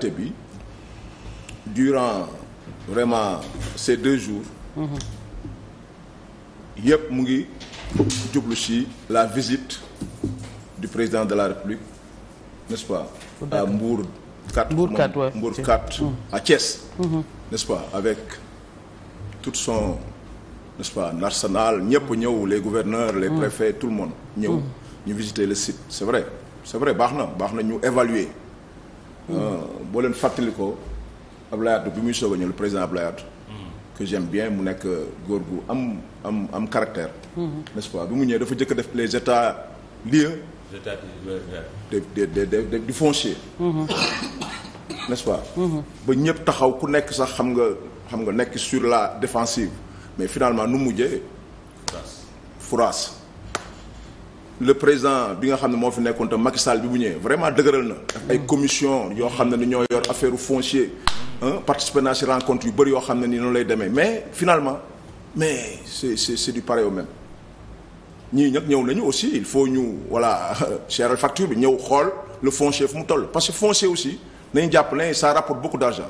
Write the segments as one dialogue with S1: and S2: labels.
S1: te bi durant vraiment ces deux jours yëpp mu ngi jublu ci la visite du président de la République n'est-ce pas a Mbour 4 Mbour 4 ouais. Mbour 4 mm. à Thiès mm-hmm. n'est-ce pas avec tout son n'est-ce pas l'arsenal ñëpp mm. ñëw les gouverneurs les mm. préfets tout le monde ñëw ñu visiter le site c'est vrai c'est vrai baax na baax na ñu évaluer Euh, boo leen fàttalikoo Abdoulaye Wade bi muy soog a ñëw le président Abdoulaye Wade mm-hmm. que j'aime bien mu nekk góor gu am am am caractère. Mm-hmm. n'est-ce pas bi mu ñëwee dafa jëkk def les états lieux. des des des des du foncier. Mm-hmm. n'est-ce ba ñëpp taxaw ku nekk sax xam nga xam nga nekk sur la défensive mais finalement nu mujjee. furaas. le président bi nga xam ne moo fi nekkoon te Macky bi bu ñëwee vraiment dëgëral na. ay commission yoo xam ne ni ñoo yor affaire foncé participer naa si rencontre yu bëri yoo xam ne ni noonu lay demee mais finalement mais c'est c'est c'est du pareil au même ñii nag ñëw nañu aussi il faut ñu voilà cheral facture bi ñëw xool le foncier fu mu toll parce que foncier aussi nañu jàpp ne ça rapporte beaucoup d'argent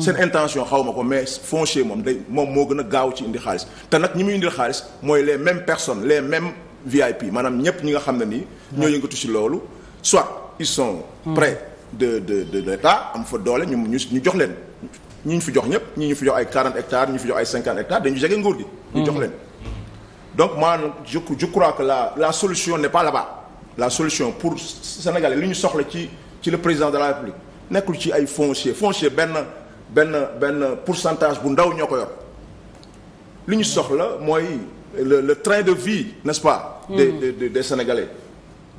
S1: seen intention xaw ma ko mais foncier moom day moom moo gën a gaaw ci indi xaalis te nag ñi muy indil xaalis mooy les mêmes personne les mêmes VIP maanaam ñëpp ñi nga xam ne nii. ñoo yëngatu si loolu soit ils sont. Hmm. près de de de de l'État am fa doole ñu ñu jox leen ñi ñu fi jox ñëpp ñi ñu fi jox ay 40 hectares ñu fi jox ay 50 hectares dañu jege nguur gi. ñu jox hmm. leen donc maanaam je je crois que la la solution n'est pas là la solution pour Sénégalais li ñu soxla ci ci le président de la République nekkul ci ay foncier foncier benn. benn benn pourcentage bu ndaw ñoo ko yor li ñu soxla mooy le le train de vie n'est-ce pas. Hmm. des des des, des sénégalais.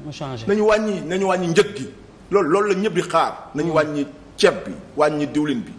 S1: mu na ñu wàññi nañu wàññi njëg gi loolu loolu la ñëbbi di xaar. nañu hmm. wàññi ceeb bi wàññi diwlin bi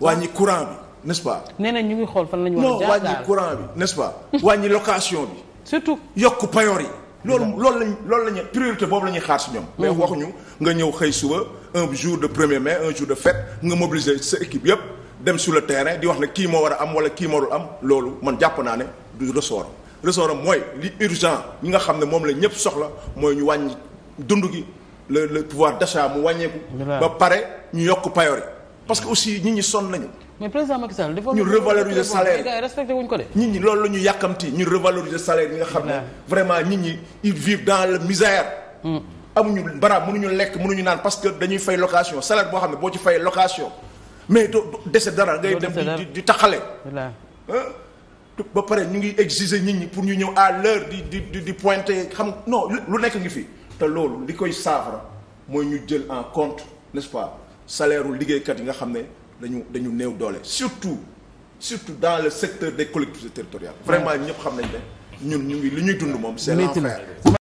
S1: wàññi ah. courant bi. n'est-ce pas. nee nañ ñu ngi xool fan nañu ñu war a jaar wàññi courant bi n'est-ce wàññi location bi. surtout yokk payoor yi. loolu loolu lañ loolu lañu priorité boobu la ñuy xaar si ñoom. mais mhm. waxuñu nga ñëw xëy suba un jour de premier mai un jour de fête nga mobiliser sa équipe yëpp dem sur le terrain di wax ne kii moo war a am wala kii moo dul am loolu man jàpp naa ne du ressort ressort mooy li urgent ñi nga xam ne moom la ñëpp soxla mooy ñu wàññi dund gi le le pouvoir d'achat mu wàññeeku. ba pare ñu yokk payoor yi parce que aussi nit ñi sonn nañu. mais président Macky Sall dafa ñu revaloriser salaire gars yi respecté wuñ ko ñi loolu la ñu yàkkamti ñu revaloriser salaire yi nga xam ne vraiment nit ñi ils vivent dans la misère. Hmm. amuñu bara mënuñu lekk mënuñu naan parce que dañuy fay location salaire boo xam ne boo ci fay location mais doo dese dara. ngay dem di di taxale. ba pare ñu ngi exiger nit ñi pour ñu ñëw à l'heure di di di pointer xam non lu nekk ngi fi te loolu li koy saafara mooy ñu jël en compte n'est-ce pas salaire liggéeykat yi nga xam ne. dañu dañu néew doole surtout surtout dans le secteur des collectivités territoriales vraiment ñëpp xam nañ ne ñun ñu ngi li ñuy dund moom c'est l'enfer